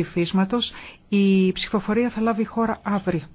ψηφίσματος. Η ψηφοφορία θα λάβει χώρα αύριο.